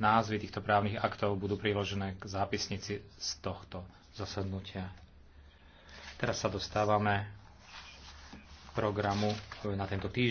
názvy týchto právnych aktov budú priložené k zápisnici z tohto zasadnutia. Teraz sa dostávame k programu na tento týždeň.